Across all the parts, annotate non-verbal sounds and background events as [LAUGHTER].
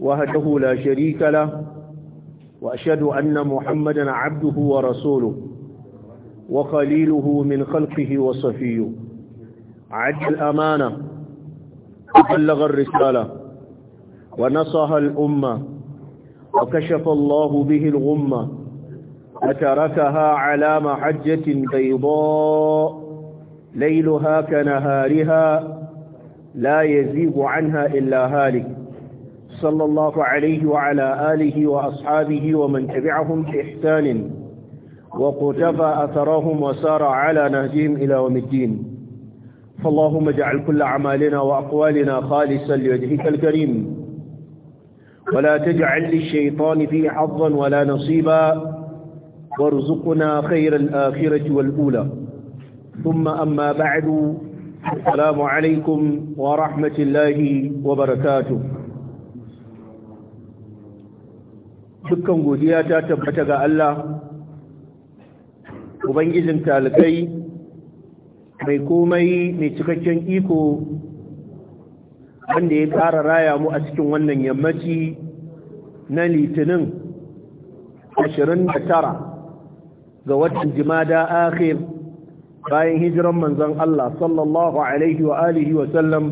وهده لا شريك له وأشهد أن محمدا عبده ورسوله وخليله من خلقه وصفيه عد الأمانة وبلغ الرسالة ونصها الأمة وكشف الله به الغمة وتركها على محجة بيضاء ليلها كنهارها لا يزيغ عنها إلا هالك صلى الله عليه وعلى آله وأصحابه ومن تبعهم بإحسان وقتفى أثرهم وسار على نهجهم إلى يوم الدين فاللهم اجعل كل عمالنا وأقوالنا خالصا لوجهك الكريم ولا تجعل للشيطان فيه حظا ولا نصيبا وارزقنا خير الآخرة والأولى ثم أما بعد السلام عليكم ورحمة الله وبركاته dukkan godiya ta tabbata ga Allah ubangijin talibai mai komai mai cikakken iko wanda ya ƙara raya mu a cikin wannan yammaci na litinin 29 ga watan jimada akhir bayan hijiran manzon Allah sallallahu alaihi wa alihi wa sallam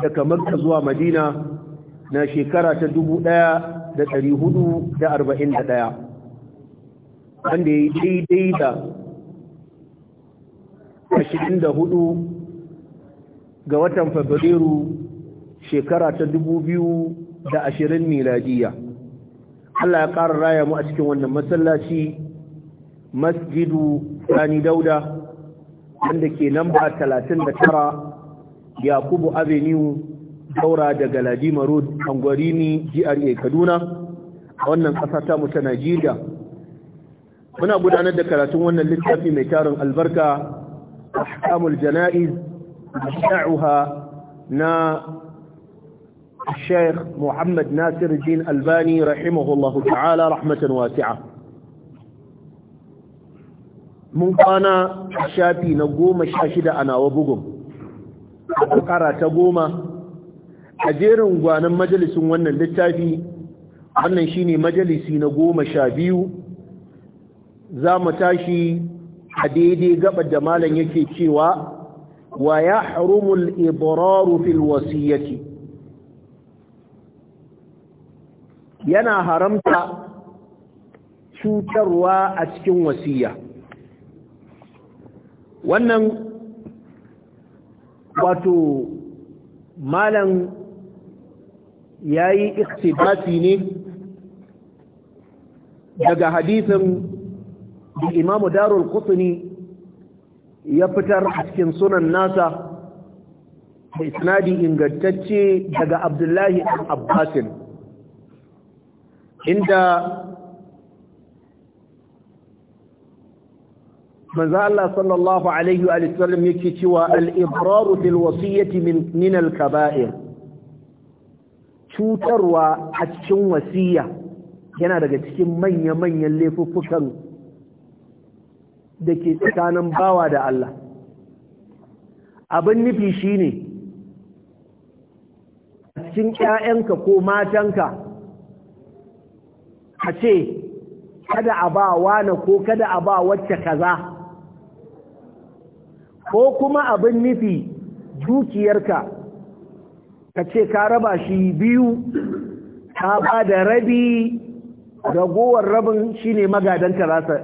daga Makka zuwa Madina na shekara ta ɗaya. da ɗari hudu da arba'in da ɗaya wanda ya yi daidai da ashirin da hudu ga watan fabrairu shekara ta dubu biyu da ashirin miladiya Allah ya ƙara raya mu a cikin wannan masallaci masjidu sani dauda wanda ke namba talatin da tara yakubu avenue daura da galadima road angwarini gra kaduna a wannan ƙasa ta mu ta najeriya muna gudanar da karatun wannan littafi mai tarin albarka ahkamul jana'iz bid'uha na Sheikh Muhammad Nasir Din Albani rahimahullahu ta'ala rahmatan wasi'a mun kwana shafi na goma sha shida a nawa bugun a ta goma a jerin gwanan majalisin wannan littafi wannan shi ne majalisi na goma sha biyu za mu tashi a daidai gaba da malam yake cewa wa ya harumul ibararu fil wasiyyati yana haramta cutarwa a cikin wasiya wannan wato malam ya yi iktibati ne daga hadithin da imamu darul kusuni ya fitar a cikin sunan nasa da isnadi ingantacce daga abdullahi ɗan abbasin inda manzo Allah sallallahu alaihi wa sallam yake cewa al-ibraru fil wasiyyati min min al-kaba'ir cutarwa a cikin wasiya yana daga cikin manya-manyan laifuffukan da ke tsakanin bawa da Allah abin nufi shi ne. a cikin 'ya'yanka ko matanka a ce kada a ba wane ko kada a ba wacce kaza ko kuma abin nufi dukiyarka ka ce ka raba shi biyu ka ba da rabi ragowar rabin shi shine magadanta rasa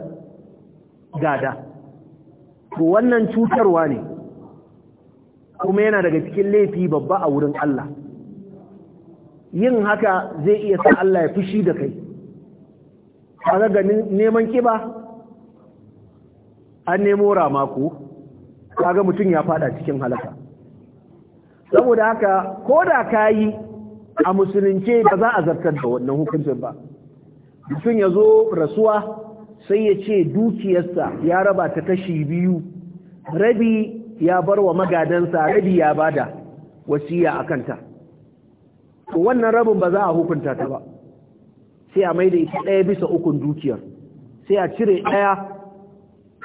gada to wannan cutarwa ne kuma yana daga cikin laifi babba a wurin Allah yin haka zai iya sa Allah ya fushi da kai kaga ga neman kiba an nemo ramako kaga mutum ya fada cikin halaka saboda haka ko da ka yi a musulunce ba za a zartar da wannan hukuncin ba mutum ya zo rasuwa sai ya ce dukiyarsa ya raba ta kashi biyu rabi ya bar wa magadansa rabi ya bada wasiya a kanta wannan rabin ba za a hukunta ta ba sai a mai da ita ɗaya bisa ukun dukiyar sai a cire ɗaya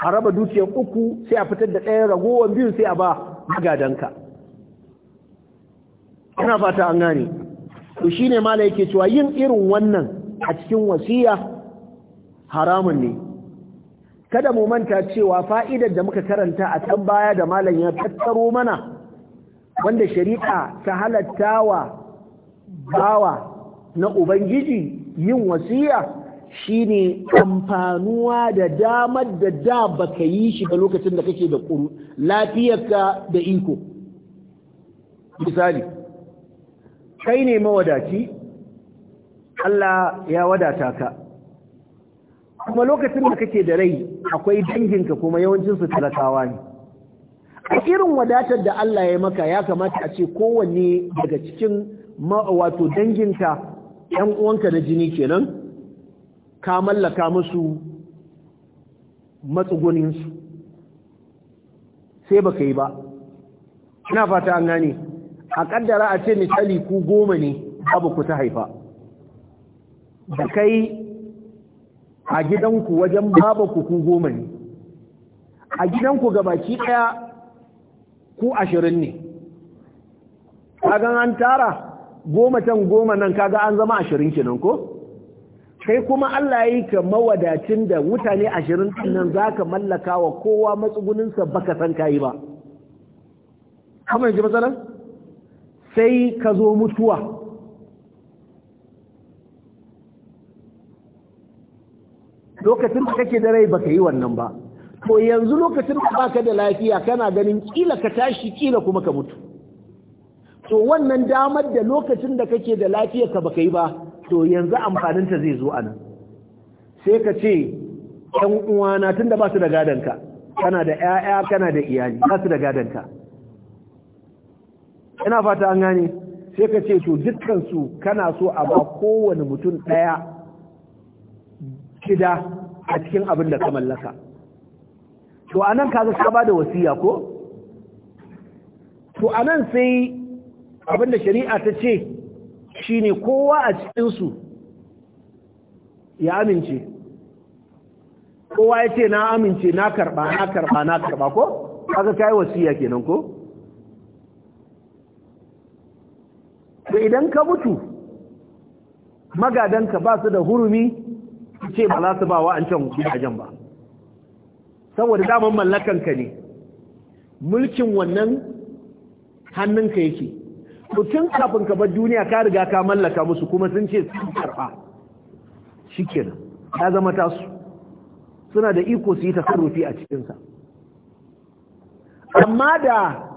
a raba dukiyar uku sai a fitar da ɗaya ragowar biyu sai a ba magadanka ina fata an gane to shine mala yake cewa yin irin wannan a cikin wasiya haramun ne kada mu manta cewa fa'idar da muka karanta a can baya da malam ya tattaro mana wanda shari'a ta halattawa bawa na ubangiji yin wasiya shine amfanuwa da damar da da baka yi shi ga lokacin da kake da lafiyarka da iko misali kai ne mawadaci Allah ya wadata ka kuma lokacin da kake da rai akwai danginka kuma yawancinsu talakawa ne a irin wadatar da Allah ya maka ya kamata a ce kowanne daga cikin wato dangin ka ‘yan uwanka na jini kenan ka mallaka musu matsugunin su sai baka yi ba ina fata an gane a kaddara a ce misali ku goma ne abu ku ta haifa da kai a gidanku wajen babanku ku goma ne a gidanku gabaki daya ku ashirin ne kagan an tara goma can goma nan kaga an zama ashirin kenan ko kai kuma Allah yi ka mawadacin da mutane ashirin nan za ka mallaka wa kowa matsuguninsa baka san kayi ba kamar yanzu matsalar sai ka zo mutuwa lokacin da kake da rai ba ka yi wannan ba to yanzu lokacin da ba ka da lafiya kana ganin kila ka tashi kila kuma ka mutu to wannan damar da lokacin da kake da lafiya ka baka yi ba to yanzu amfaninta zai zo a nan. sai ka ce ‘yan uwana tun da ba su da gadonka kana da ‘ya'ya kana da iyali ba su da gadonka ina fata an gane sai ka ce to dukkan su kana so a ba kowane mutum ɗaya kida a cikin abin da ka mallaka to anan kaga ka ba da wasiya ko to anan sai abin da shari'a ta ce shine kowa a cikin su ya amince kowa ya ce na amince na karba na karba na karba ko kaga kai wasiya kenan ko to idan ka mutu magadanka ba su da hurumi ce ba za su ba wa an gidajen ba saboda daman mallakanka ne mulkin wannan hannunka yake mutum kafin ka bar duniya ka riga ka mallaka musu kuma sun ce sun karɓa shikenan ya zama tasu suna da iko su yi tasarrufi a cikinsa amma da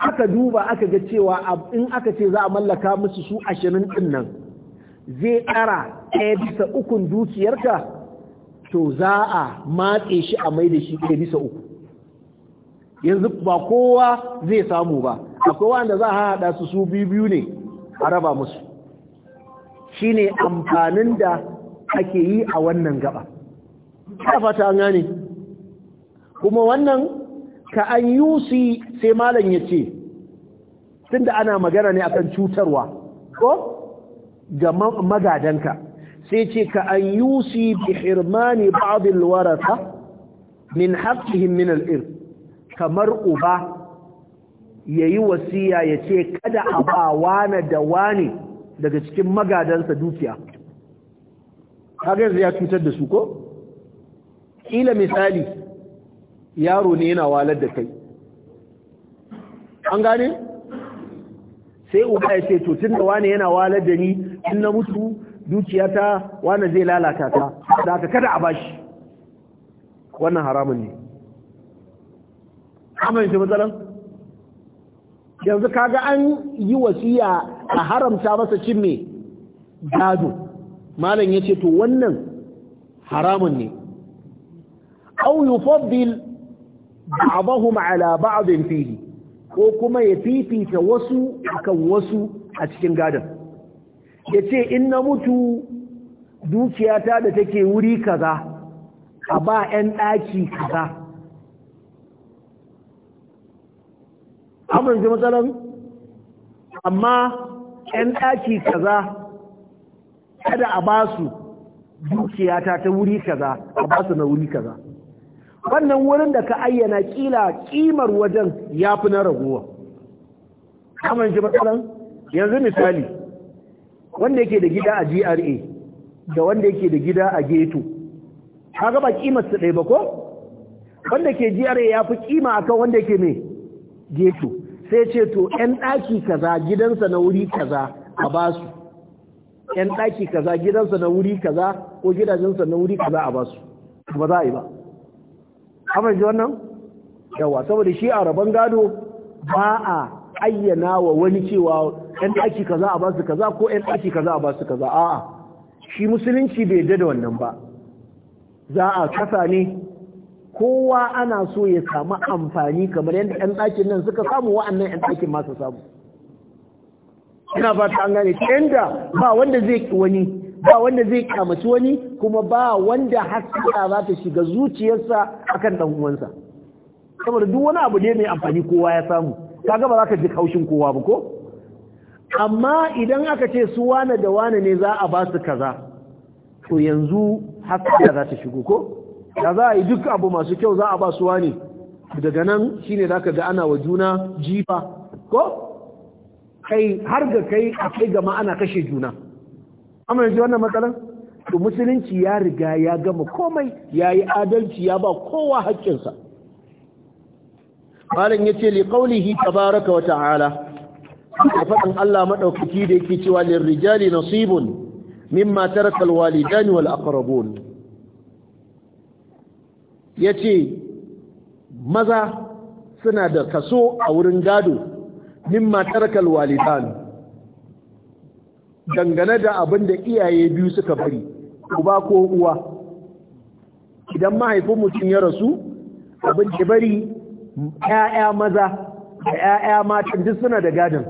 aka duba aka ga cewa in aka ce za a mallaka musu su ashirin ɗin nan zai ƙara ɗaya bisa ukun dukiyarka to za a matse shi a mai da shi ɗaya bisa uku yanzu ba kowa zai samu ba akwai wanda za a haɗa su su biyu biyu ne a raba musu shi ne amfanin da ake yi a wannan gaba ta fata gane kuma wannan ka an yusi sai malam ya ce tunda ana magana ne akan cutarwa ko ga magadanka sai ce ka an yusi bi hirmani ba'd alwaratha min haqqihim min al kamar uba yayi wasiya ce kada a ba wani da wani daga cikin magadansa dukiya kaga ya cutar da su ko kila misali yaro ne yana walar da kai an gane sai uba ya ce to tun da wane yana walar da ni in na mutu dukiyata wane zai lalata ta da aka kada a bashi wannan haramun ne amince matsalan yanzu kaga an yi wasiya a haramta masa cin mai gado malam ya ce to wannan haramun ne au yufaddil ba'dahum ala ba'd fihi ko kuma ya fifita wasu akan wasu a cikin gadan yace in na mutu dukiyata da take wuri kaza a ba 'yan ɗaki kaza ji matsalan amma 'yan ɗaki kaza kada a ba su dukiyata ta wuri kaza a ba su na wuri kaza wannan wurin da ka ayyana kila kimar wajen ya fi na raguwa kamar ji matsalan yanzu misali wanda yake da gida a gra da wanda yake da gida a geto ta gaba kimar su ɗaya ba ko wanda ke gra ya fi kima a kan wanda yake mai geto sai ce to 'yan ɗaki kaza gidansa na wuri kaza a ba su. 'yan ɗaki kaza gidansa na wuri kaza ko gidajensa na wuri kaza a ba su, ba za a yi ba hama shi wannan yawa saboda shi a rabon gado ba a ayyana wa wani cewa ɗan ɗaki kaza a ka kaza ko ɗan ɗaki kaza a za kaza a'a shi musulunci bai da da wannan ba za a kasa ne kowa ana so ya samu amfani kamar yadda ɗan ɗakin nan suka samu wa'annan ɗan ɗakin masu samu ina fata an gane ta yadda ba wanda zai ki wani ba wanda zai kamaci wani kuma ba wanda haskaka za ta shiga zuciyarsa akan dan uwansa saboda duk wani abu ne mai amfani kowa ya samu kaga ba za ka ji kaushin kowa ba ko amma idan aka ce su wane da wane ne za a ba su kaza to yanzu haskaka za ta shigo ko Ya za a yi duk abu masu kyau za a ba su wane daga nan shine za ka ga ana wa juna jifa ko kai har ga kai a kai gama ana kashe juna amma yanzu wannan matsalar? to musulunci ya riga ya gama komai ya yi adalci ya ba kowa haƙƙinsa malam ya ce liƙaunihi baraka wata ta'ala da faɗin Allah maɗaukaki da yake cewa lirrijali nasibun mimma taraka alwalidani wal aqrabun yace maza suna da kaso a wurin gado mimma taraka alwalidani dangane da abin da iyaye biyu suka bari uba ko uwa idan mahaifin mutum ya rasu abin da bari 'ya'ya maza da 'ya'ya matan duk suna da gadon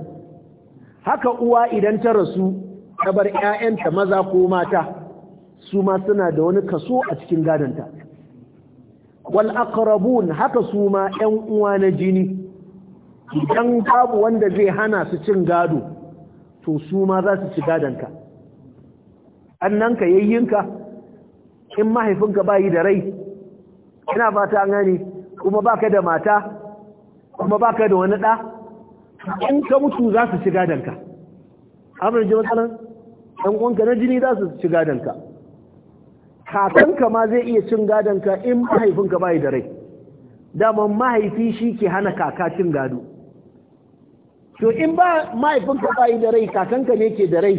haka uwa idan ta rasu ta bar 'ya'yanta maza ko mata su ma suna da wani kaso a cikin gadonta wal haka su ma 'yan uwa na jini idan babu wanda zai hana su cin gado to su ma za su ci gadonka annanka yayyinka in mahaifinka bayi da rai ina fata gani kuma baka da mata kuma baka da wani ɗa in ka mutu za su ci gadonka abin ji matsalan ɗan ka na jini za su ci gadonka kakanka ma zai iya cin gadonka in mahaifinka bayi da rai daman mahaifi shi ke hana kaka cin gado to in ba mahaifinka ba yi da rai kakanka ne ke da rai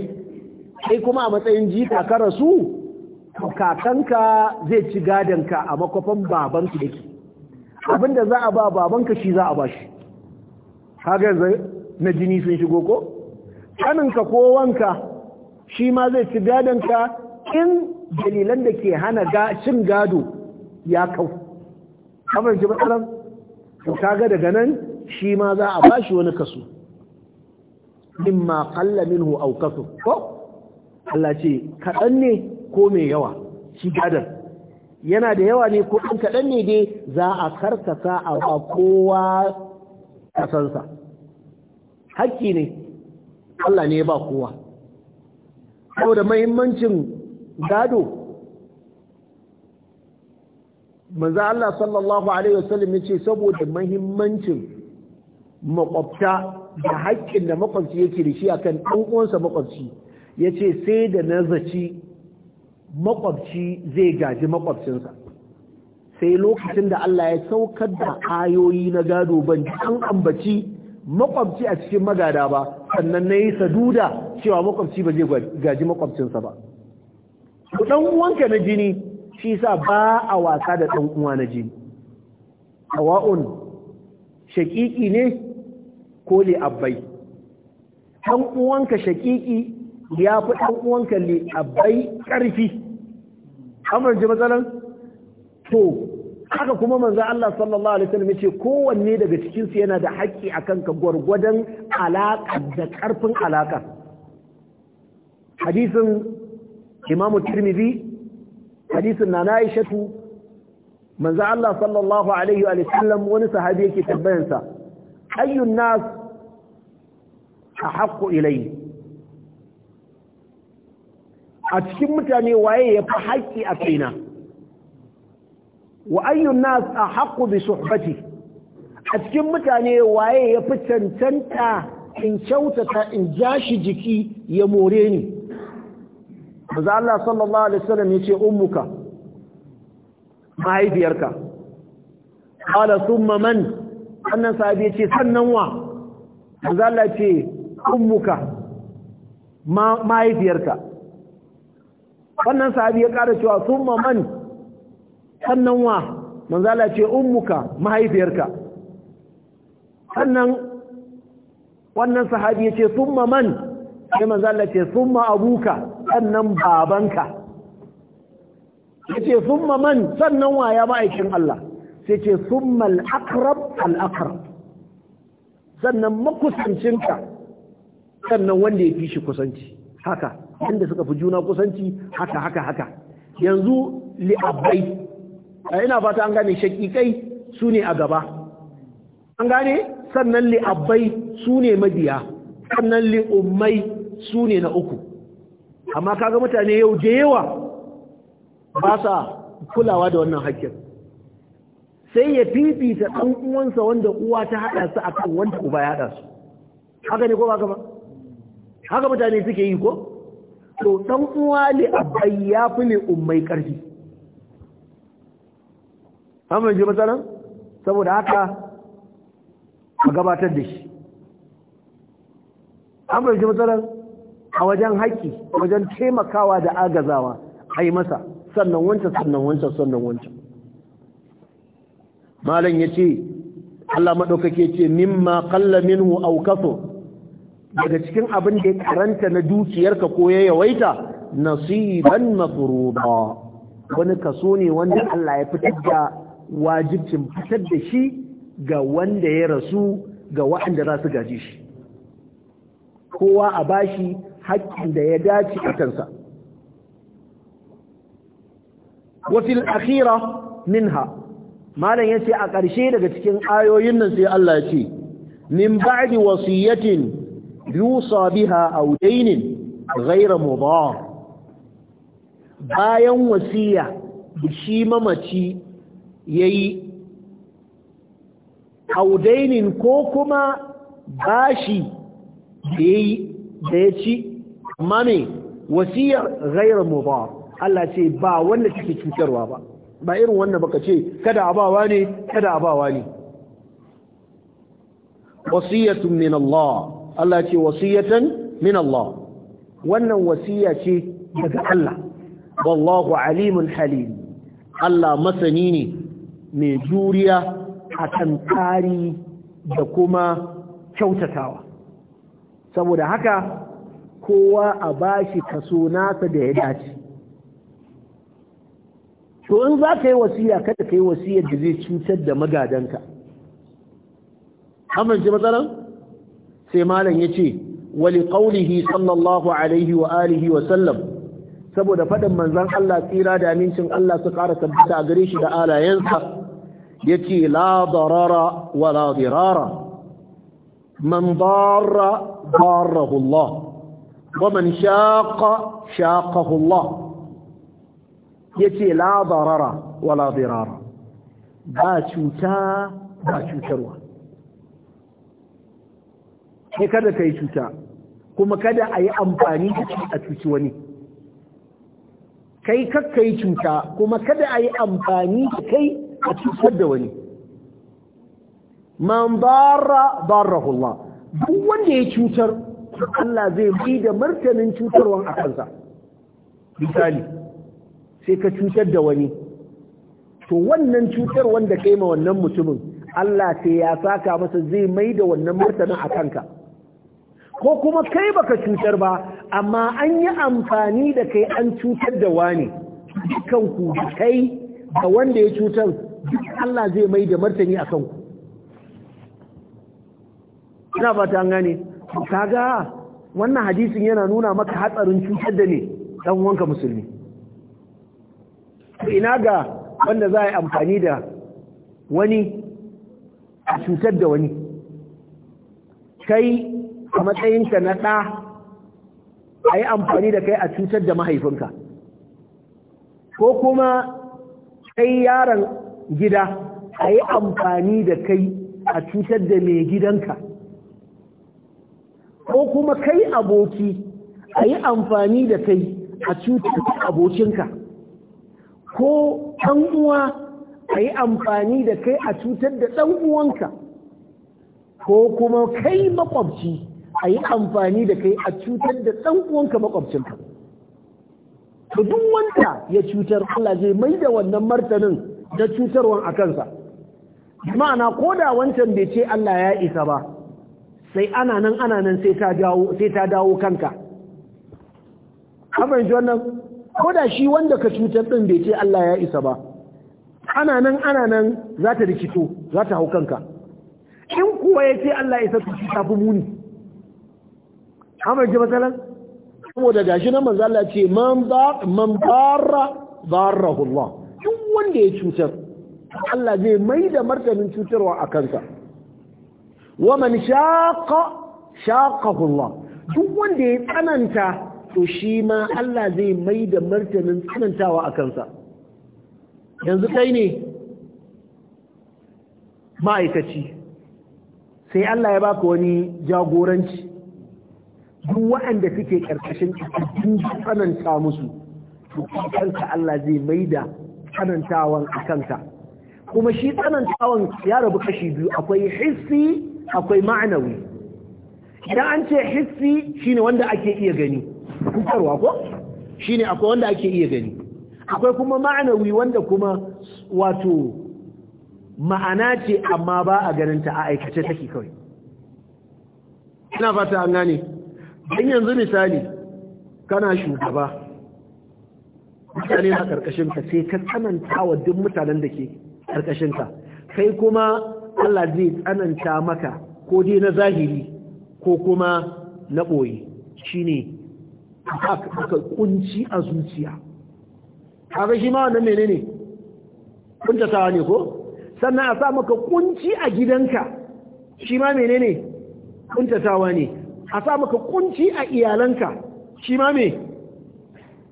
sai kuma a matsayin ji ka rasu kakanka zai ci gadanka a makwafan babanka yake abinda za a ba baban ka shi za a ba shi yanzu na jini sun shigo ko kaninka ko wanka shi ma zai ci gadonka in dalilan da ke hana cin gado ya kau kamar ji matsalan ka kaga daga nan shi ma za a ba wani kaso mimma kalla minhu aw kasu ko Allah ce kaɗan ne ko mai yawa shi gadar yana da yawa ne ko ɗan kaɗan ne dai za a karkasa a ba kowa kasansa hakki ne Allah ne ba kowa saboda mahimmancin gado manzo Allah sallallahu alaihi wasallam yace saboda mahimmancin makwabta da haƙƙin da makwabci yake da shi akan ɗan uwansa makwabci ya ce sai da na zaci makwabci zai gaji makwabcinsa sai lokacin da Allah ya saukar da ayoyi na gado ban an ambaci makwabci a cikin magada ba sannan na yi saduda cewa makwabci ba zai gaji makwabcinsa ba ɗan uwanka na jini shi sa ba a wasa da ɗan uwa na jini hawa'un shaƙiƙi ne ko li'abbai ɗan uwanka shaƙiƙi ya fi ɗan uwanka li'abbai ƙarfi amurci matsalan to haka kuma manzo Allah sallallahu alaihi wasallam yace kowanne daga cikin su yana da haƙƙi akan ka gwargwadon alaƙa da ƙarfin alaƙa hadisin Imam Tirmidhi hadisin Nana Aishatu manzo Allah sallallahu alaihi wa sallam wani sahabi yake tambayan sa ayyun nas ahaqqu ilayhi a cikin mutane waye ya fi haƙƙi a kaina wa ayyun nas ahaqqu bi suhbati a cikin mutane waye ya fi cancanta in kyautata in jashi jiki ya more ni maza Allah sallallahu alaihi wasallam yace ummuka mahaifiyarka qala thumma man annan sahabi yace sannan wa maza Allah yace ummuka mahaifiyarka wannan sahabi ya kara cewa summa man sannan wa manzala ce ummuka mahaifiyarka sannan wannan sahabi ya ce summa man sai manzala ce summa abuka sannan babanka yace summa man sannan wa ya ma'aikin Allah sai ce summa al-aqrab al-aqrab sannan makusancinka sannan wanda ya fi shi kusanci haka inda suka fi juna kusanci haka haka haka yanzu li'abbai ina fata an gane shakikai su ne a gaba an gane sannan li'abai su ne mabiya sannan li'ummai su ne na uku amma kaga mutane yau da yawa ba sa kulawa da wannan hakkin sai ya fifita ɗan uwansa wanda uwa ta haɗa su akan wanda uba ya haɗa su haka ne ko ba ka ba haka mutane suke yi ko to dan uwa li abai ya fi li ummai karfi amma ji matsalan saboda haka ka gabatar da shi amma ji matsalan a wajen haƙi wajen taimakawa da agazawa a yi masa sannan wancan sannan wancan sannan wancan malam ya ce Allah maɗaukake ce mimma ƙalla minhu au kaso daga cikin abin da ya karanta na dukiyarka ko ya yawaita nasiban mafruḍa wani kaso ne wanda Allah ya fitar da wajibcin fitar da shi ga wanda ya rasu ga waɗanda za su gaji shi kowa a bashi haƙƙin da ya dace a kansa wafil akhira minha malam yace a ƙarshe daga cikin ayoyin nan sai Allah ya ce min ba'di wasiyatin yusa biha aw dainin ghayra bayan wasiya shi mamaci yayi yi. dainin ko kuma bashi da yayi da ya ci amma me wasiyar raira moba Allah ce ba wanda take cutarwa ba ba irin wanda baka ce kada abawa ne kada abawa ne wasiyatun min Allah Allah ce wasiyatan min Allah wannan wasiya ce daga Allah wallahu alimun halim Allah masani ne mai juriya akan tsari da kuma kyautatawa saboda haka kowa a bashi kaso nasa da ya dace to in za ka yi wasiya kada ka yi wasiyar da zai cutar da magadanka amince matsalar sai malam yace wali qawlihi sallallahu alaihi wa alihi wa sallam saboda fadin manzon Allah tsira da amincin Allah su ƙara tabbata a gare shi da alayensa yace la darara wa la dirara man darra darahu Allah wa man shaqa shaqahu Allah yace la darara wa la dirara ba cuta ba cutarwa ne kada ka yi cuta kuma kada a yi amfani da shi a cuci wani kai kakka yi cuta kuma kada a yi amfani da kai a cutar da wani man bara barrahu duk wanda ya cutar Allah zai bi da martanin cutarwan a kansa misali sai ka cutar da wani to wannan cutar wanda kai ma wannan mutumin Allah sai ya saka masa zai mai da wannan martanin a kanka ko kuma kai baka cutar ba amma an yi amfani da kai an cutar da wani dukan ku kai ga wanda ya cutar Allah zai mai da martani akan ku ina fata an gane kaga wannan hadisin yana nuna maka hatsarin cutar da ne dan wanka musulmi ina ga wanda za a yi amfani da wani a cutar da wani kai a matsayinka na ɗa a yi amfani da kai a cutar da mahaifinka ko kuma kai yaron gida a yi amfani da kai a cutar da mai gidanka ko kuma kai aboki a yi amfani da kai a cutar da abokinka ko ɗan uwa a yi amfani da kai a cutar da ɗan uwanka ko kuma kai makwabci a yi amfani da kai a cutar da ɗan uwanka makwabcinka to duk wanda ya cutar Allah zai mai da wannan martanin da cutarwan a kansa ma'ana ko da wancan bai ce Allah ya isa ba sai ana nan ana nan sai ta dawo sai ta dawo kanka kamar wannan ko da shi wanda ka cutar din bai ce Allah ya isa ba ana nan ana nan za ta rikito za ta hau kanka in kuwa ya ce Allah ya isa ta fi muni amma ji matsalan saboda gashi nan manzo ce man ba man Hulwa, duk wanda ya cutar Allah zai mai da martanin cutarwa a kansa wa man shaqa duk wanda ya tsananta to shi ma Allah zai mai da martanin tsanantawa a kansa yanzu kai ne ma'aikaci sai Allah ya baka wani jagoranci duk waɗanda suke ƙarƙashin cikin tsananta musu to kanka Allah zai maida tsanantawan a kanka kuma shi tsanantawan ya rabu kashi biyu akwai hissi akwai ma'anawi idan an ce hissi shine wanda ake iya gani kukarwa ko shine akwai wanda ake iya gani akwai kuma ma'anawi wanda kuma wato ma'ana ce amma ba a ganin ta a aikace take kawai ina fata an gane don yanzu misali kana shugaba mutane a karkashin ka sai ka tsananta wa duk mutanen da ke karkashin ka kai kuma Allah zai tsananta maka ko dai na zahiri ko kuma na boye shine aka kunci a zuciya kaga shi ma wannan ne kuntatawa ne ko sannan a sa maka kunci a gidanka shi ma ne kuntatawa ne a sa maka kunci a iyalanka shi ma me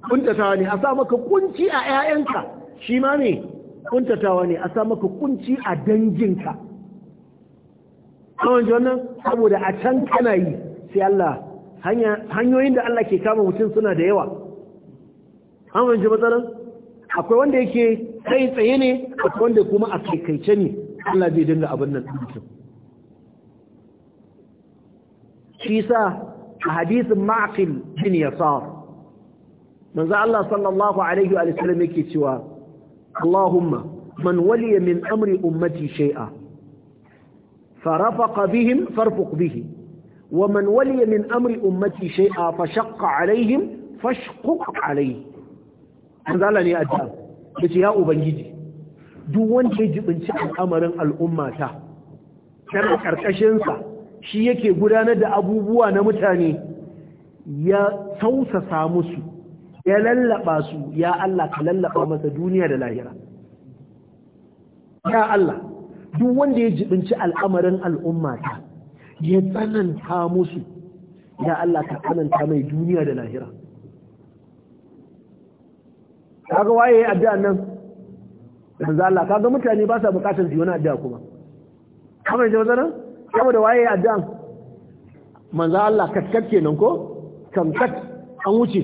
kuntatawa ne a sa maka kunci a 'ya'yanka shi ma me kuntatawa ne a sa maka kunci a danginka kawai wannan saboda a can kana yi sai Allah hanyoyin da Allah ke kama mutum suna da yawa an wanci matsalar akwai wanda yake kai tsaye ne akwai wanda kuma a kaikaice ne Allah zai dinga abin nan mutum shi sa a hadisin ma'aqil bin yasar manzo Allah sallallahu alaihi wa sallam yake cewa Allahumma man waliya min amri ummati shay'a فرفق بهم فارفق به ومن ولي من أمر أمتي شيئا فشق عليهم فاشقق عليه an zala ne addu'a da ce ya ubangiji duk wanda ya jibinci al'amarin al'ummata tana ƙarƙashinsa shi yake gudanar da abubuwa na mutane ya sausasa musu ya lallaba su ya Allah ka lallaba masa duniya da lahira ya Allah duk wanda ya jibinci al'amarin al'ummata ya tsananta musu ya Allah ka tsananta mai duniya da lahira kaga waye addu'a nan yanzu Allah kaga mutane ba sa bukatar ziyona addu'a kuma kamar da wazanan saboda waye dan manzo Allah katkat kenan ko kamkat an wuce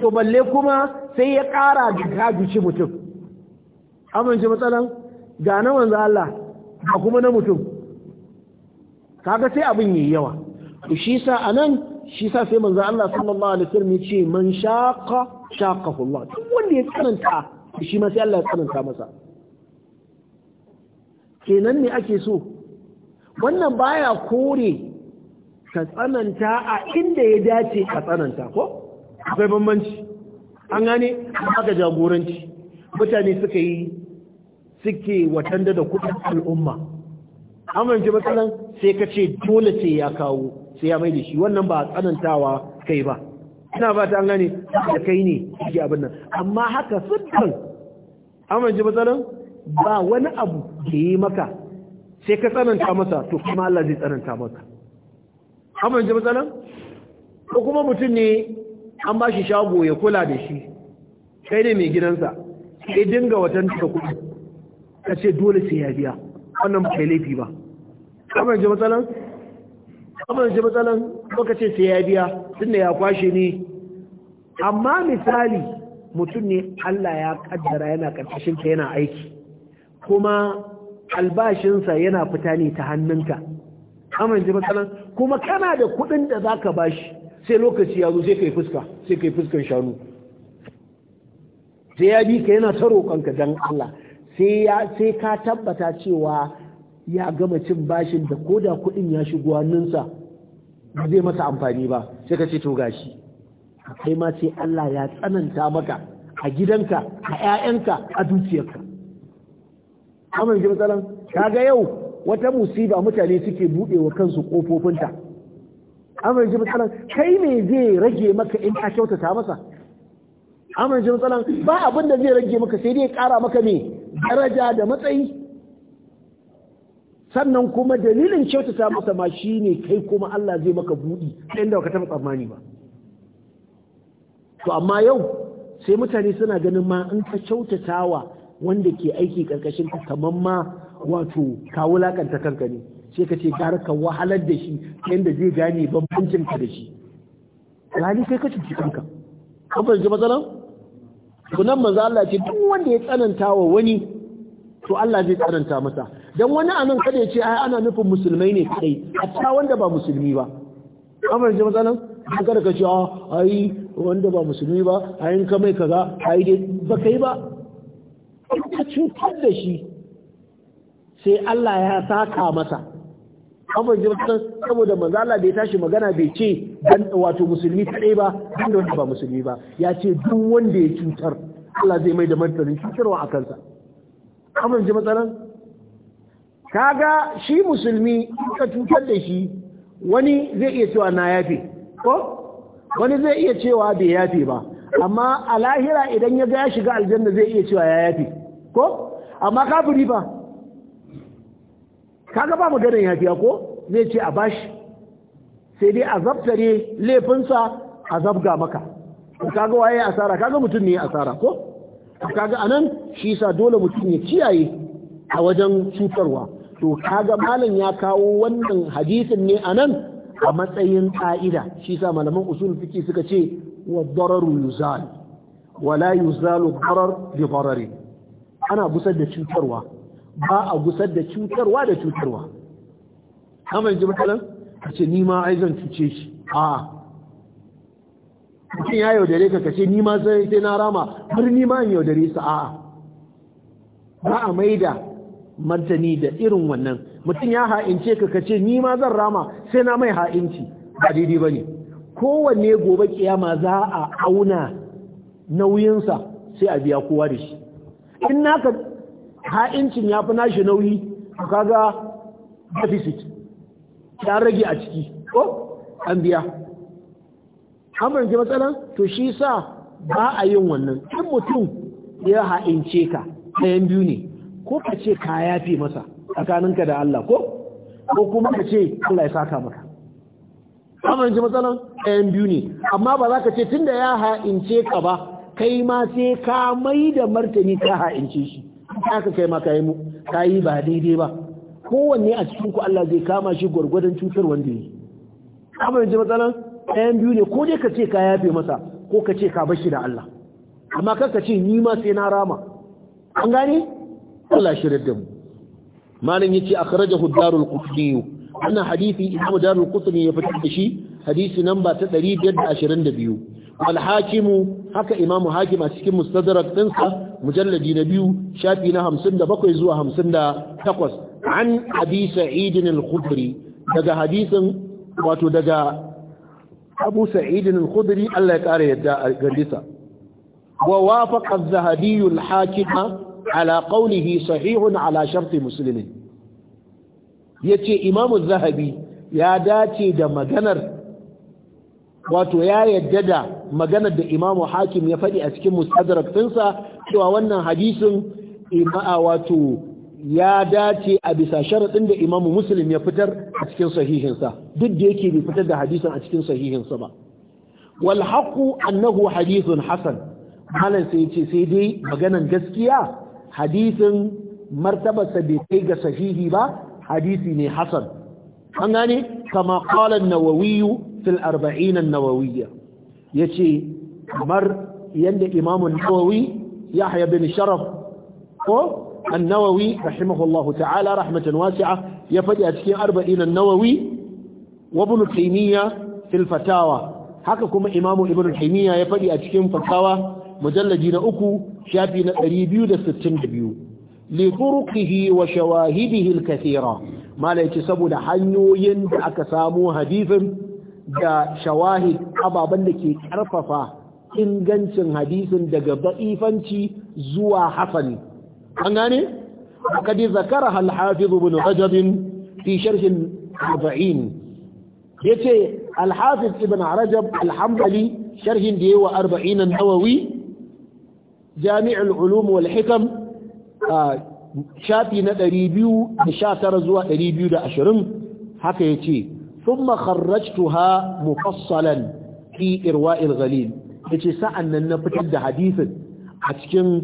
to balle kuma sai ya ƙara da guci mutum amince matsalan ga na manzo Allah ga kuma na mutum kaga sai abin yayi yawa to shi sa anan shi sa sai manzo Allah sallallahu alaihi wasallam ya ce man shaqa shaqa Allah duk wanda ya tsananta shi ma sai Allah ya tsananta masa kenan ne ake so wannan baya kore ka tsananta a inda ya dace a tsananta ko akwai bambanci an gane aka jagoranci mutane suka yi suke watanda da kudin al'umma amince matsalan sai ka ce dole sai ya kawo sai ya mai da shi wannan ba tsanantawa kai ba ina ba ta an gane da kai ne ke abin nan amma haka sirrin amince matsalan ba wani abu da yi maka sai ka tsananta masa to kuma Allah zai tsananta masa amma ji matsalan ko kuma mutum ne an ba shi shago ya kula da shi kai ne mai gidansa sai dinga watan da kuɗi ka ce dole sai ya biya wannan ba kai laifi ba amma ji matsalan amma ji matsalan ko ka ce sai ya biya tunda ya kwashe ne amma misali mutum ne Allah ya kaddara yana karkashin ka yana aiki kuma albashinsa yana fita ne ta hannunka amin ji matsalan kuma kana da kuɗin da za ka bashi sai lokaci ya zo sai kai fuska sai yi fuskan shanu sai ya bi ka yana ta roƙonka don Allah sai ka tabbata cewa ya gama cin bashin da ko da kuɗin ya shigo hannunsa ba zai masa amfani ba sai ka ce to gashi kai ma sai Allah ya tsananta maka a gidanka a 'ya'yanka a dukiyarka amin ji matsalan kaga yau wata musiba mutane suke buɗe wa kansu kofofinta amin ji matsalan kai ne zai rage maka in ka kyautata masa amin ji matsalan ba abin da zai rage maka sai dai ƙara maka ne daraja da matsayi sannan kuma dalilin kyautata masa ma ne kai kuma Allah zai maka buɗi inda baka taɓa tsammani ba to amma yau sai mutane suna ganin ma in ka kyautatawa wanda ke aiki karkashin ka kamar ma wato ka wulakanta kanka ne sai ka ce gara ka wahalar da shi yadda zai gane bambancin ka da shi alhali sai ka cuci kanka ka fahimci matsalar sunan manzo Allah ce duk wanda ya tsananta wa wani to Allah zai tsananta masa dan wani anan kada ya ce ai ana nufin musulmai ne kai hatta wanda ba musulmi ba ka fahimci matsalar kada ka ce ah, ai wanda ba musulmi ba ayin ka mai kaza ai dai ba kai ba ka cutar da shi sai Allah ya saka masa abin jirgin saboda mazala bai tashi magana bai ce wato musulmi ɗai ba dan da wanda ba musulmi ba ya ce duk wanda ya cutar Allah zai mai da martanin cutarwa a kansa abin ji matsalan kaga shi musulmi ka cutar da shi wani zai iya cewa na yafe ko wani zai iya cewa bai yafe ba amma a lahira idan ya ga ya shiga aljanna zai iya cewa ya yafi ko amma kafiri ba ga ba maganar yafiya ko zai ce a bashi sai dai a zabtare laifinsa a zabga maka kaga waye asara Ka ga mutum ne asara ko kaga anan shi yasa dole mutum ya kiyaye a wajen cutarwa to kaga malam ya kawo wannan hadisin ne anan a matsayin ka'ida shi yasa malaman usul fiki suka ce والضرر يزال ولا يزال الضرر بضرر ana gusar da cutarwa ba a gusar da cutarwa da cutarwa kamar ji matsalan a ce ai zan cuce shi a mutum ya yaudare ka kace nima zai sai na rama har nima in yaudare su a ba a maida martani da irin wannan mutum ya ha'ince ka kace nima zan rama sai na mai ha'inci ba daidai ba ne kowanne gobe kiyama za a auna nauyinsa sai a biya kowa da shi in naka ha'incin ya fi nashi nauyi kaga deficit ya rage a ciki ko an biya An ji matsala to shi sa ba a yin wannan in mutum ya ha'ince ka ɗayan biyu ne ko ka ce ka fi masa tsakaninka da Allah ko kuma ka ce Allah ya saka maka amma ji matsalan ɗayan biyu ne amma ba za ka ce tun da ya ha'ince ka ba kai ma sai ka mai da martani ka ha'ince shi haka kai ma ka yi mu ka yi ba daidai ba kowanne a cikin ku Allah zai kama shi gwargwadon cutar wanda yi amma ji matsalan ɗayan biyu ne ko dai ka ce ka yafe masa ko ka ce ka bar shi da Allah amma kar ka ce ni ma sai na rama an gane Allah shirar da mu malam yace akhrajahu darul qutni wannan hadisi Imam Darul Qutni ya fitar da shi hadisi namba ta 522 wal hakimu haka Imam Hakim a cikin Mustadrak dinsa mujalladi na biyu shafi na 57 zuwa 58 an Abi Sa'id al-Khudri daga hadisin wato daga Abu Sa'id al-Khudri Allah ya kare yadda gandisa wa wafaqa az-Zahabi al-Hakim ala qawlihi sahihun ala shart muslimin ya ce imamu zahabi ya dace da maganar wato ya yadda da maganar da imamu hakim ya faɗi a cikin mustadrak ɗinsa cewa wannan hadisin ima'a wato ya dace a bisa sharaɗin da imamu musulun ya fitar a cikin sahihinsa duk da yake bai fitar da hadisin a cikin sahihinsa ba wal haqu annahu hadithun hasan malam sai ce sai dai maganan gaskiya hadisin martabarsa bai kai ga sahihi ba hadisi ne hasan an gane kama qala an-nawawi fil 40 an-nawawiyya yace kamar yanda imam an-nawawi yahya bin sharaf ko an-nawawi rahimahullahu ta'ala rahmatan wasi'a ya fadi a cikin 40 an-nawawi wa ibn taymiya fatawa haka kuma imam ibn taymiya ya fadi a cikin fatawa mujallaji na uku shafi na 262 لطرقه وشواهده الكثيرة ما ليتي سبو دا حنيوين دا أكسامو حديث دا شواهد أبا ke كرففا ingancin hadisin daga ba'ifanci zuwa hasani an gane kadi zakara al-hafiz rajab fi sharh al-arba'in yace al-hafiz ibn rajab al-hanbali sharhin da yawa arba'in al-ulum wal-hikam shafi na da 219 zuwa ɗari biyu da ashirin haka yace thumma kharrajtuha mufassalan fi irwa'il ghalil sa'an nan na fitar da hadisin a cikin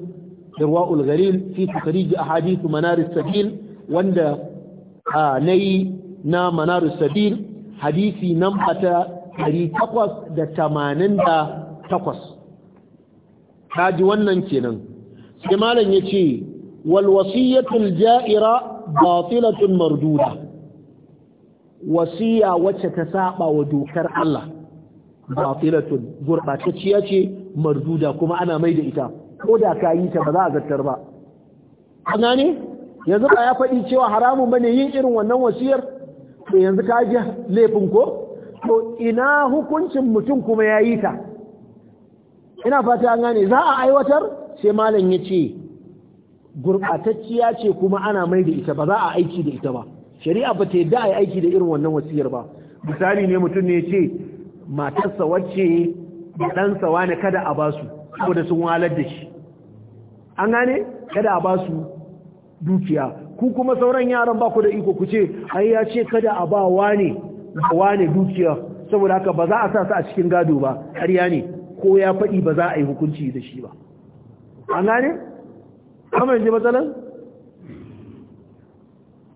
irwa'ul ghalil fi tukhrij ahadith manar as-sabil wanda nayi na manar as da hadisi da takwas. Na ji wannan kenan sai malam yace walwasiyyatul ja'ira batilatun marduda wasiya wacce ta saba wa dokar Allah batilatun gurbatacciya ce marduda kuma ana mai da ita ko da ka yi ta ba za a zartar ba ana ne yanzu ba ya faɗi cewa haramun bane yin irin wannan wasiyar to yanzu ka ji laifin ko to ina hukuncin mutum kuma ya yi ta ina fata gane za a aiwatar sai malam ya ce gurɓatacciya ce kuma ana mai da ita ba za a aiki da ita ba shari'a ba ta yadda a yi aiki da irin wannan wasiyar ba misali ne mutum ne ce matarsa wacce ɗansa wani kada a ba su saboda sun walar da shi an gane kada a ba su dukiya ku kuma sauran yaran ba ku da iko ku ce ai ya ce kada a ba wani wani dukiya saboda haka ba za a sa su a cikin gado ba ya ne ko ya faɗi ba za a yi hukunci da shi ba an gane kamar yanzu matsalan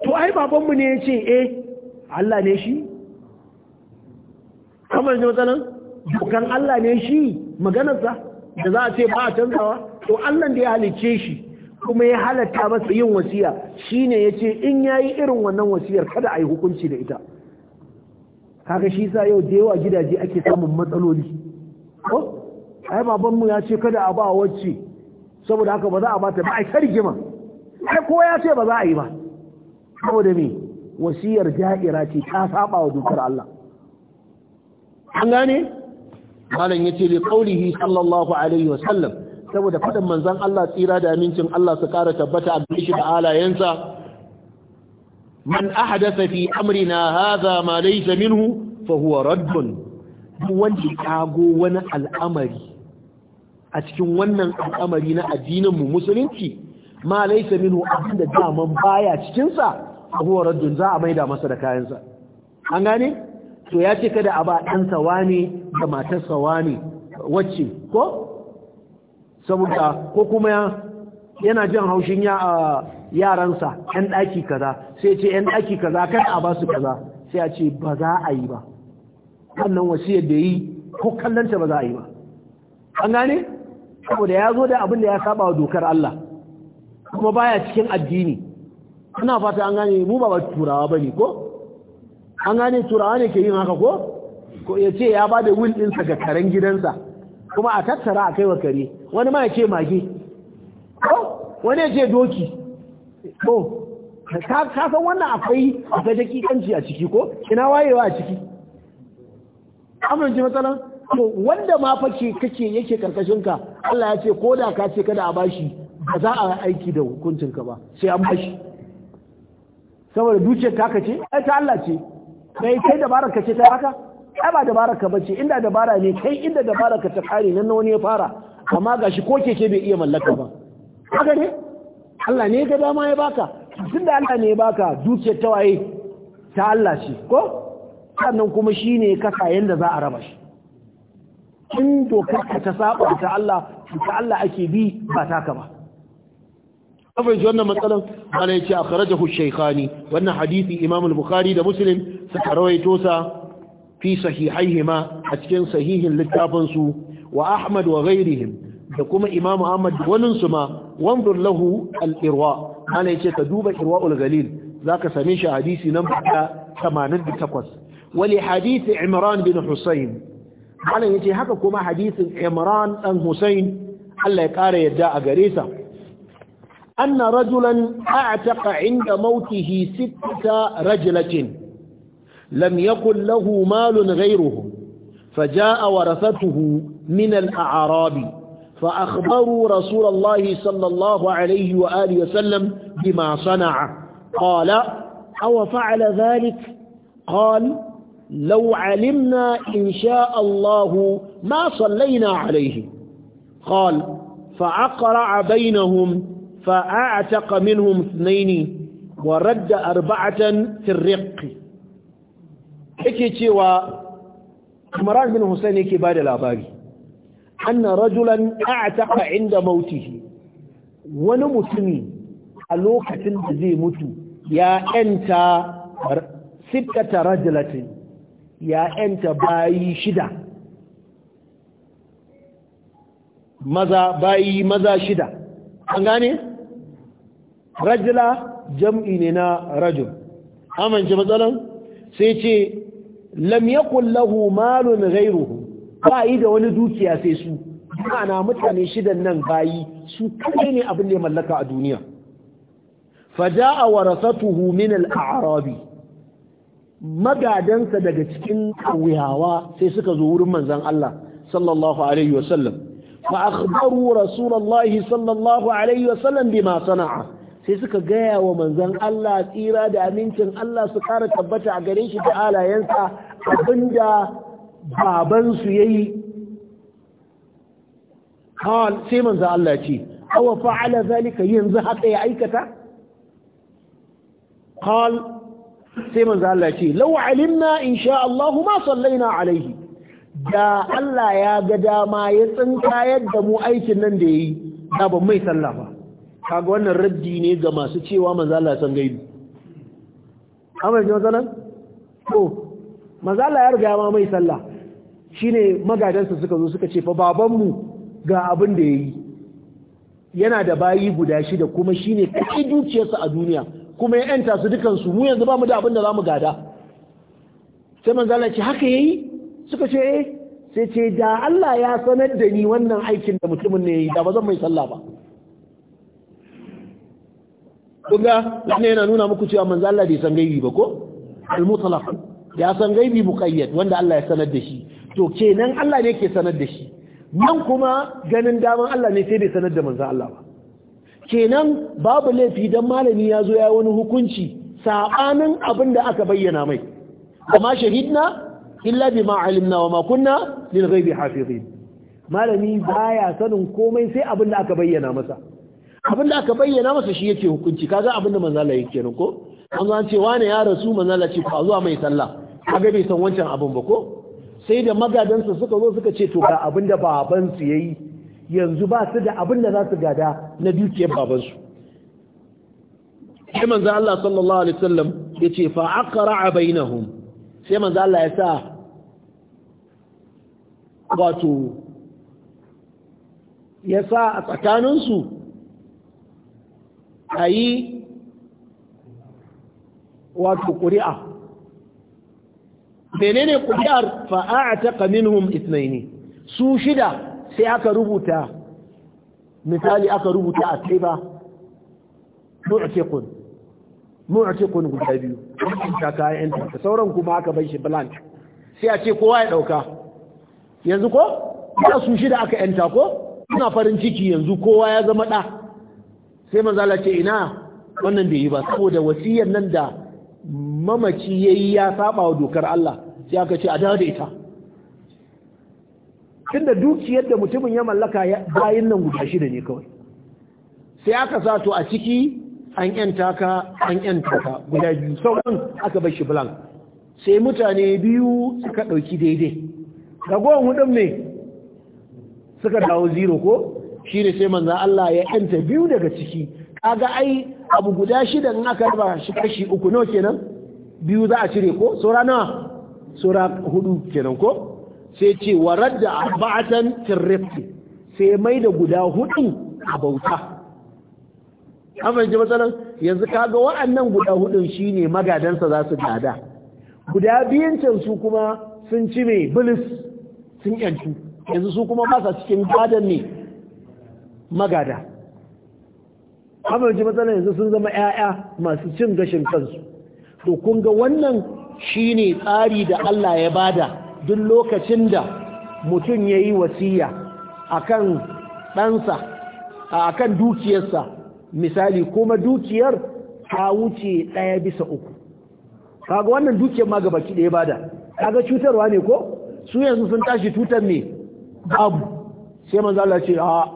to ai babanmu ne ya ce eh Allah ne shi kamar yanzu matsalan Dukkan Allah ne shi maganarsa da za a ce ba a canzawa to Allah da ya halicce shi kuma ya halatta masa yin wasiya shi shine ce in ya yi irin wannan wasiyar kada a yi hukunci da ita kaga shi sa yau da yawa gidaje ake samun matsaloli ko ai babanmu ya ce kada a ba wacce saboda haka ba za a bata ba a ta rigima ai ko ya ce ba za a yi ba saboda me wasiyar ja'ira ce ta saba wa dokar Allah an gane malam yace li qaulihi sallallahu alaihi wasallam saboda faɗin manzon Allah tsira da amincin Allah su kara tabbata a gaishe da alayensa man ahdatha fi amrina hadha ma laysa minhu fa huwa radd wanda kago wani al'amari a cikin wannan al'amari na addinin mu musulunci ma laisa minhu abinda daman baya cikinsa, sa huwa raddun za a maida masa da kayansa. an gane to ya ce kada a ba dan sawa ne da matar sa ne wacce ko saboda ko kuma yana jin haushin ya yaransa ɗan daki kaza sai ce yan ɗaki kaza kan a ba su kaza sai a ce ba za a yi ba wannan wasiyar da yi ko kallanta ba za a yi ba an gane saboda ya zo da abin da ya saba wa dokar Allah kuma baya cikin addini ina fata an gane mu ba turawa bane ko an gane turawa ne ke yin haka ko ko ya ce ya bada da wil ɗinsa ga karen gidansa kuma a tattara a kaiwa kare wani ma ya ce mage ko wani ya ce doki ko ka san wannan akwai akwai dakikanci a ciki ko ina wayewa a ciki amince matsalan to wanda ma fa ke kake yake karkashin ka Allah ya ce ko da ka ce kada a bashi ba za a aiki da hukuncin ka ba sai an bashi saboda dukiyar ka ce ai ta Allah ce kai kai dabarar ka ce ta haka ai ba dabarar ka bace inda dabara ne kai inda dabarar ka ta kare nan wani ya fara amma gashi ko keke bai iya mallaka ba haka ne Allah ne ga dama ya baka tunda Allah ne ya baka dukiyar ta waye ta Allah ce ko sannan kuma shine kasa yanda za a raba shi in dokar ka ta saba ta Allah ta Allah ake bi ba taka ba kafin shi wannan matsalan ana yace akhrajahu shaykhani wannan hadisi imam al-bukhari da muslim suka rawaito sa fi sahihaihima a cikin sahihin littafin su wa ahmad wa ghairihim da kuma imam ahmad wannan su ma wanzur lahu al-irwa ana yace ka duba irwaul galil zaka same shi hadisi nan 88 wali hadisi imran bin husayn malam yace haka kuma hadisin Imran dan Hussein Allah ya kare yadda a gare sa anna rajulan a'taqa 'inda mautihi sittata rajlatin lam yakul lahu malun ghayruhu فجاء ورثته من الأعراب فأخبروا رسول الله صلى الله عليه وآله وسلم بما صنع قال أو فعل ذلك قال لو علمنا إن شاء الله ما صلينا عليه قال فأقرع بينهم فأعتق منهم اثنين ورد أربعة في الرق حكيتي ومران بن حسين كبار الأباري أن رجلا أعتق عند موته ونمتني ألوكة زي متو يا أنت ستة رجلة Ya'yanta ‘yanta bayi shida maza bayi maza shida an gane? rajula jam'i ne na rajul amince matsalan sai ce lam yakun lahu malun ghairuhu ba yi da wani dukiya sai su ma'ana mutane shidan nan bayi su kai ne abin da ya mallaka a duniya faja'a warasatuhu min al magadansa daga cikin ƙauyawa sai suka zo wurin manzan Allah sallallahu alaihi wasallam fa akhbaru rasulullahi sallallahu alaihi wasallam bima sana'a sai suka gaya wa manzan Allah tsira da amincin Allah su ƙara tabbata a gare shi da halayensa abinda baban su yayi qal sai manzan Allah ce aw fa'ala zalika yanzu haka ya aikata qal sai manzo Allah ce law alimna insha Allah ma sallaina alaihi da Allah ya ga dama ya tsinka da mu aikin nan da yayi da ban mai sallah ba kaga wannan raddi ne ga masu cewa manzo Allah san gaibi amma ji matsalan to manzo Allah ya riga ma mai sallah shine magadansa suka zo suka ce fa mu ga abin da yayi yana da bayi guda shida kuma shine kai dukiyarsa a duniya kuma ya yanta su dukansu mu yanzu ba mu da abin da za mu gada sai manzo Allah ce haka yayi suka ce eh. sai ce da Allah ya sanar da ni wannan aikin da mutumin ne yi da ba zan mai sallah ba Kunga yana nuna muku cewa manzo Allah bai san gaibi ba ko al-mutlaq ya san gaibi muqayyad wanda Allah ya sanar da shi to kenan Allah ne ke sanar da shi nan kuma ganin daman Allah ne sai bai sanar da manzo Allah ba kenan babu laifi don malami ya zo ya wani hukunci saɓanin abin da aka bayyana mai amma shahidna illa bima alimna wa ma kunna lil ghaibi hafizin malami baya sanin komai sai abin da aka bayyana masa abin da aka bayyana masa shi yake hukunci kaga abin da manzala yake kenan ko an zo ce wane ya rasu manzala ce ko zuwa mai sallah kaga bai san wancan abin ba ko sai da magadansa suka zo suka ce to ga abin da baban su yayi yanzu ba su da abin da za su gada na dukiyar babansu sai manzo Allah sallallahu alaihi wasallam ce fa aqra'a bainahum sai manzo Allah ya sa wato ya sa a tsakaninsu a yi wato ƙuri'a menene ƙuri'ar fa'a'ataka minhum ithnaini su shida sai aka rubuta misali aka rubuta a taiba mu'tiqun kun guda biyu ta yanta ta sauran kuma aka bai shi blank sai a ce kowa ya dauka yanzu ko ba su shida aka yanta ko ina farin ciki yanzu kowa ya zama da sai manzala ce ina wannan bai yi ba saboda wasiyar nan da mamaci yayi ya saba wa dokar Allah sai aka ce a dawo da ita tunda dukiyar da mutumin ya mallaka bayan nan guda shida ne kawai sai aka sa to a ciki an yanta ka an yanta ka guda biyu sauran aka bar shi blank sai mutane biyu suka dauki daidai gowon hudun ne suka dawo zero ko shi ne sai manzan Allah ya yanta biyu daga ciki kaga ai abu guda shida in aka raba shi kashi uku nawa kenan biyu za a cire ko saura nawa saura hudu kenan ko sai ce wa radda arba'atan tirrifi sai mai da guda hudu a bauta an fahimci matsalar yanzu kaga wa'annan guda hudun shine magadansa za su gada guda biyan can su kuma sun ci mai bilis sun yanci yanzu su kuma basa cikin gadan ne magada an fahimci matsalar yanzu sun zama 'ya'ya masu cin gashin kansu to kun ga wannan shine tsari da Allah ya bada duk lokacin da mutum ya yi wasiya a kan ɗansa a kan dukiyarsa misali kuma dukiyar ta wuce ɗaya bisa uku kaga wannan dukiyar ma gabaki ɗaya bada kaga cutarwa ne ko su yanzu sun tashi tutar ne babu sai man zala ce a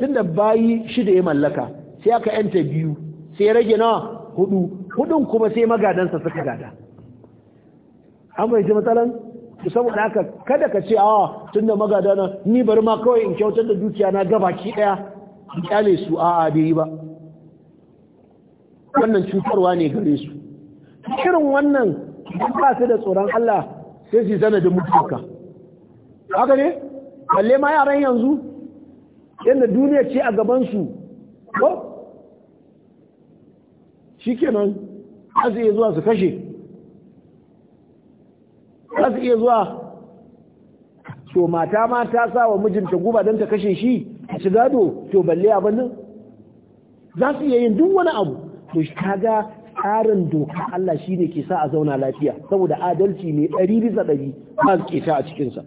tun da bayi shida ya mallaka sai aka yanta biyu sai rage na hudu hudun kuma sai magadansa suka gada an bai ji matsalan saboda haka kada ka ce a ah, tunda magada na ni bari ma kawai in kyautar da dukiya na gaba ki daya in kyale su a a bai ba wannan cutarwa ne gare su irin wannan ba su da tsoron Allah sai su zana da mutuka haka ne balle ma yaran yanzu yadda duniya ce a gabansu ko shi kenan za zuwa su kashe za su iya zuwa to mata ma ta sa wa mijinta guba don ta kashe shi a ci gado to balle a bannin za su iya yin duk wani abu to ga tsarin doka Allah shi ne ke sa a zauna lafiya saboda adalci ne ɗari bisa ɗari ba su ta a cikinsa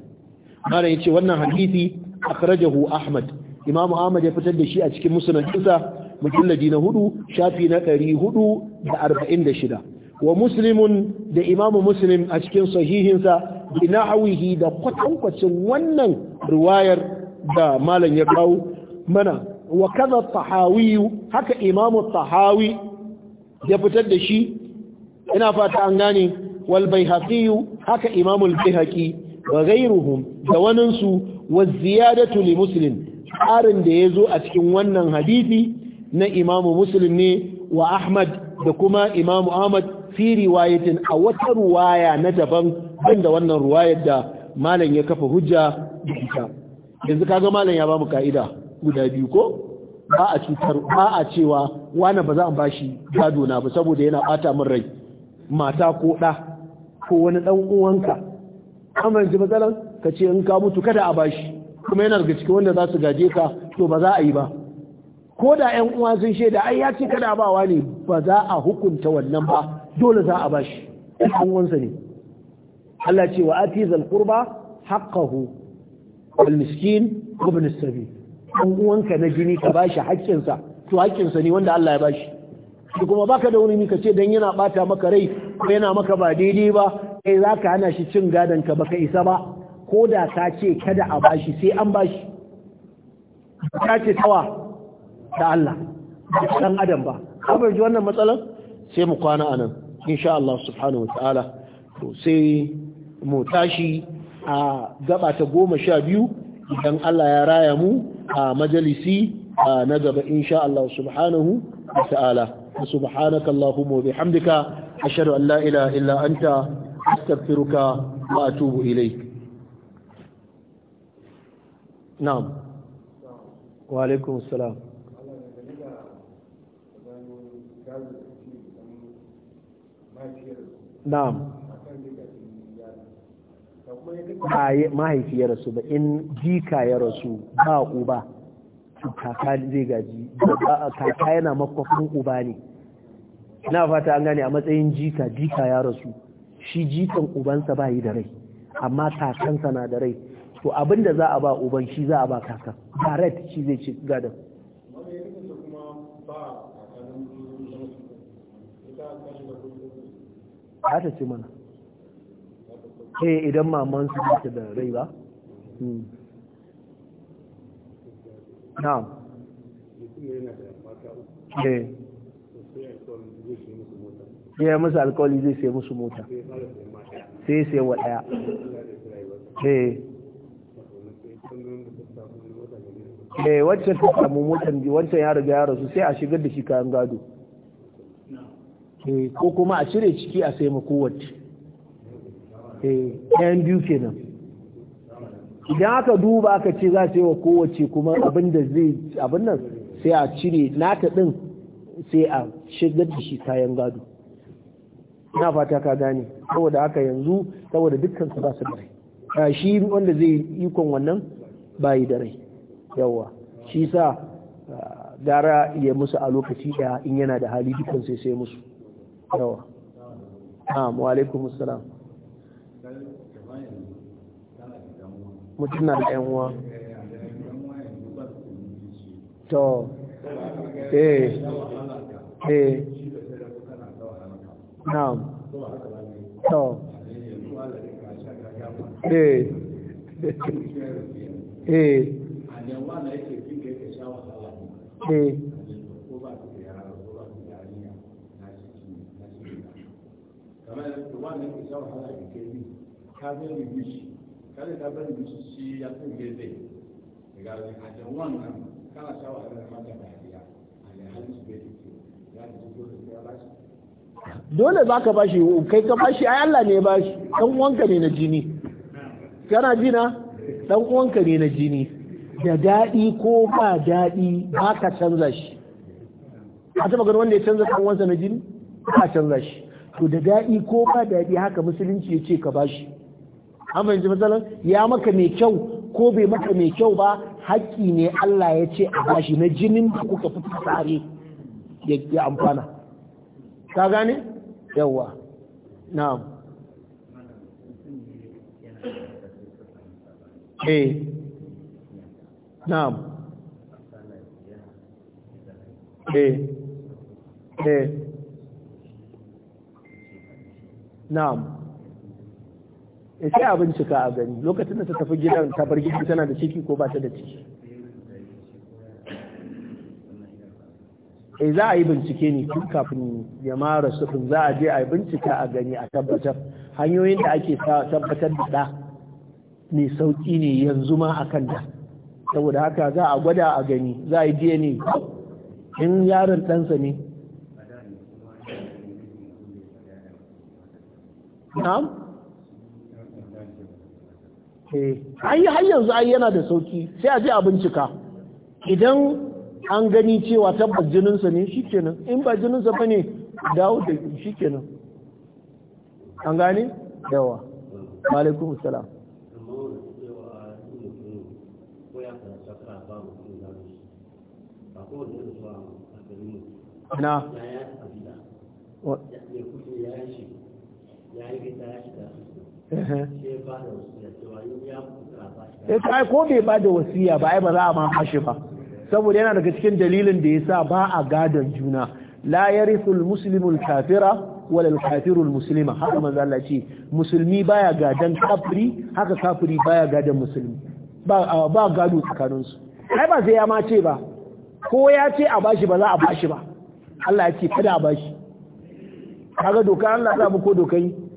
Mara ya ce wannan hadisi akhrajahu Ahmad imamu Ahmad ya fitar da shi a cikin musnadinsa mujalladi na hudu shafi na ɗari hudu da arba'in da shida wa muslimun da imamu muslim a cikin sahihinsa binahawihi da kwatankwacin wannan riwayar da malam ya kawo mana wa kaza tahawiyu haka imamu tahawi ya fitar da shi ina fata an gane wal baihaqi haka imamu al baihaqi wa ghayruhum da su wa ziyadatu li muslim arin da ya zo a cikin wannan hadisi na imamu muslim ne wa ahmad da kuma imamu ahmad fi riwayatin a wata ruwaya na daban banda wannan ruwayar da malam ya kafa hujja da ita yanzu kaga malam ya bamu ka'ida guda biyu ko ba a cutar ba a cewa wani ba za a bashi gado na ba saboda yana bata min rai mata ko ɗa ko wani ɗan uwanka amma yanzu matsalan ka ce in ka mutu kada a bashi kuma yana daga cikin wanda za su gaje ka to ba za a yi ba ko da 'yan uwa sun shaida ai ya ce kada ba ne ba za a hukunta wannan ba dole za a shi. ɗan uwansa ne Allah ce wa ati zal qurba haqqahu wal miskin ibn ɗan uwanka na jini ka ba shi hakkinsa to haƙƙinsa ne wanda Allah ya ba shi kuma baka da wani ka ce dan yana bata maka rai ko yana maka ba daidai ba kai zaka hana shi cin gadon ka baka isa ba ko da ka ce kada a ba shi sai an ba shi. ka ce tawa da Allah dan adam ba ka ji wannan matsalar sai mu kwana anan insha Allah subhanahu wataala to sai mu tashi a gaba goma sha biyu idan Allah ya raya mu a majalisi na gaba insha Allah subhanahu wataala subhanaka allahumma wa bihamdika ashhadu an la ilaha illa anta astaghfiruka wa atubu ilayk na'am wa alaikum assalam na'am ba mahaifi ya rasu ba in jika ya rasu ba uba kaka zai gaji kaka yana makwafin uba ne na fata an gane a matsayin jika jika ya rasu shi jikan ubansa ba yi da rai amma kakansa na da rai to abinda za a ba uban shi za a ba kakan direct shi zai ci gadon ta ce mana eh idan maman su ta da rai ba hmm. na'am eh ya musu alkawali zai sai musu mota sai sai wa daya eh eh wacce ta samu motar wancan ya riga ya rasu sai a shigar da shi kayan gado Eh, ko kuma a cire ciki a sai kowace eh, ɗayan biyu kenan idan aka duba aka ce za ce wa kowace kuma abin zai abin nan sai a cire nata ɗin sai a shigar da shi kayan gado na fata ka gane saboda haka yanzu saboda dukkan su ba su da rai shi wanda zai yi ikon wannan bayi da rai yawa shi sa ah, gara ya musu a lokaci ɗaya in yana da hali dukkan sai sai musu yawa na'am wa alaikum assalam mutum na da yan uwa to eh eh na'am to eh [LAUGHS] eh eh kamar da wannan ke shawar hana da ke bi ka zai bishi kada ka bari bishi shi ya fi ke zai daga hajjan wannan kana shawar hana a mata a hadiya alhalin su bai ke ya da zuwa da ya bashi dole za ka ba bashi kai ka ba shi ai Allah ne ba shi dan uwanka ne na jini kana jina dan uwanka ne na jini da daɗi ko ba daɗi ba ka canza shi a taɓa ganin wanda ya canza ɗan uwansa na jini ba canza shi to da daɗi ko ba daɗi haka musulunci ya ce ka bashi an fahimci matsalan ya maka mai kyau ko bai maka mai kyau ba haƙƙi ne Allah ya ce a bashi na jinin da kuka fi tsare ya amfana ka gane yawa na'am eh na'am eh eh na'am sai a bincika a gani lokacin da ta tafi gidan ta bar gidan tana da ciki ko ba ta da ciki eh za a yi bincike ne tun kafin ya mara sufin za a je a yi bincika a gani a tabbatar hanyoyin da ake tabbatar da ɗa ne sauƙi ne yanzu ma a kan da saboda haka za a gwada a gani za a yi dna in yaron ɗansa ne na'am eh, ai har yanzu ai yana da sauki sai a je a bincika idan an gani cewa tabbas jininsa ne shikenan in ba jininsa ba ne dawo da shikenan an gane yawa alaikum salam na ya eh, ce ko bai ba da wasiya ba ai ba za a ma kashe ba saboda yana daga cikin dalilin da ya sa ba a gadon juna la yarithul muslimul kafira wal kafirul muslima haka manzo Allah ce musulmi baya gadan kafiri haka kafiri baya gadan musulmi ba ba gado tsakanin su ai ba sai ya ma ce ba ko ya ce a bashi ba za a bashi ba Allah ya ce kada a bashi kaga doka Allah za mu ko dokai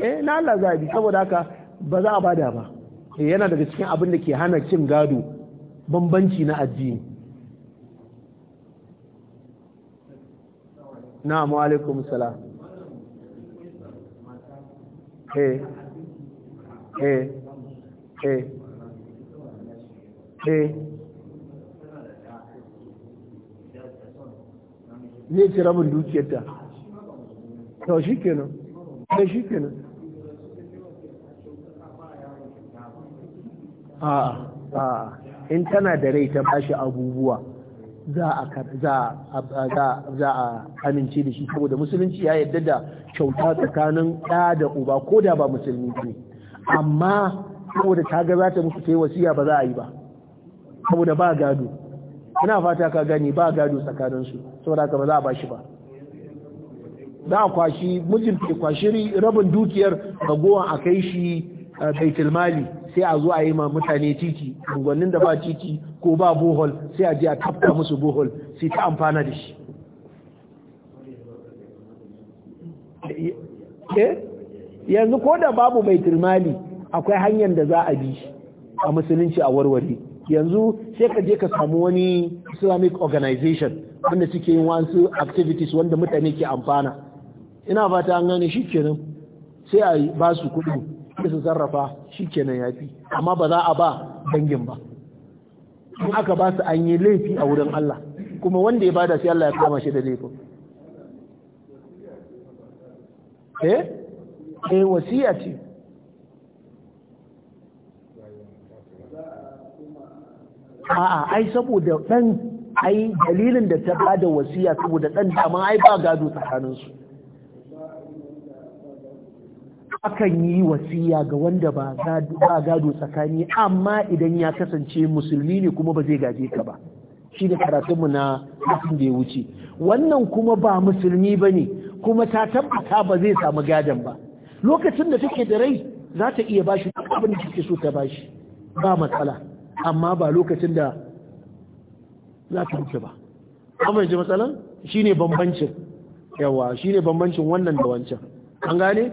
eh na Allah za a bi saboda haka ba za a bada ba eh, yana daga cikin abin da ke hana cin gado bambanci na addini na wa alaikum salam eh eh eh eh zai ci rabin dukiyarta to shi kenan da eh, shi kenan a'a in tana da rai ta bashi abubuwa za a amince da shi saboda musulunci ya yarda da kyauta tsakanin ɗa da uba ko da ba musulmi ne amma saboda ta ga za ta musu ta yi wasiya ba za a yi ba saboda ba gado ina fata ka gani ba gado tsakaninsu saboda ka ba za a bashi ba za a kwashi mijin ke kwashi rabin dukiyar ragowan a kai shi baitul mali sai a zo a yi ma mutane titi gungunin da ba titi ko ba bohol sai a je a tafka musu bohol sai ta amfana da shi eh? yanzu ko da babu baitul mali akwai hanyar da za a bi a musulunci a warware yanzu sai ka je ka samu wani islamic organization wanda suke yin wasu activities wanda mutane ke amfana ina fata an gane shi kenan sai a ba su kuɗi sai su sarrafa ya fi amma ba za a ba dangin ba in aka ba su an yi laifi a wurin Allah kuma wanda ya bada shi Allah ya kama shi da laifin eh eh wasiya ce a'a ai saboda dan ai dalilin da ta bada wasiya saboda dan dama ai ba gado su akan yi wasiya ga wanda ba a gado tsakani amma idan ya kasance musulmi ne kuma ba zai gaje ka ba shi da karatunmu na mutum da ya wuce wannan kuma ba musulmi ba ne kuma ta tabbata ba zai samu gadon ba lokacin da take da rai za ta iya bashi duk abin da take so ta ba shi ba matsala amma ba lokacin da za ta wuce ba amma yanzu matsalan shine bambancin yawa shine bambancin wannan da wancan an gane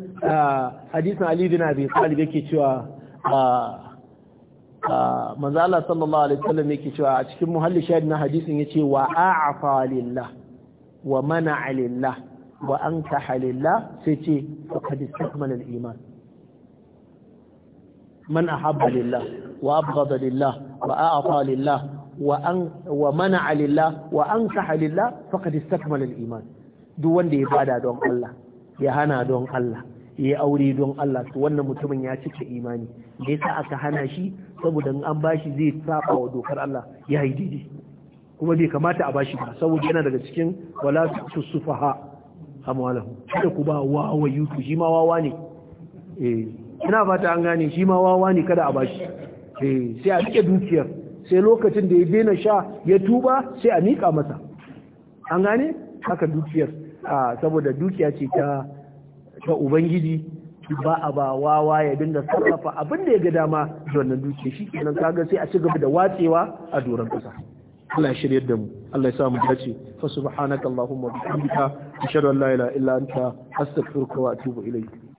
hadisin Ali bin Abi Talib yake cewa manzo Allah sallallahu alaihi wasallam yake cewa a cikin muhalli shahid na hadisin yace wa a'afa lillah wa mana'a lillah wa ankaha halillah, sai ce faqad istakmala al-iman man ahabba lillah wa abghada lillah wa a'afa lillah wa an wa mana'a lillah wa ankaha lillah faqad istakmala al-iman duk wanda ya bada don Allah ya hana don Allah ya aure don Allah to wannan mutumin ya cika imani da yasa aka hana shi saboda in an bashi zai saba wa dokar Allah ya yi daidai kuma bai kamata a bashi ba saboda yana daga cikin wala tusufaha amwalahu kada ku ba wawa yutu shi ma wawa ne eh ina fata an gane shi ma wawa ne kada a bashi eh sai a rike dukiyar sai lokacin da ya daina sha ya tuba sai a mika masa an gane haka dukiyar ah, saboda dukiya ce ta ga ubangiji ba a ba wawa ya dinga sarrafa abin da ya ga dama wannan duke shi kenan kaga sai a ci gaba da watsewa a doron kasa Allah ya shiryar da mu Allah ya sa mu dace fa subhanaka allahumma wa bihamdika ashhadu an la ilaha illa anta astaghfiruka wa atubu ilayk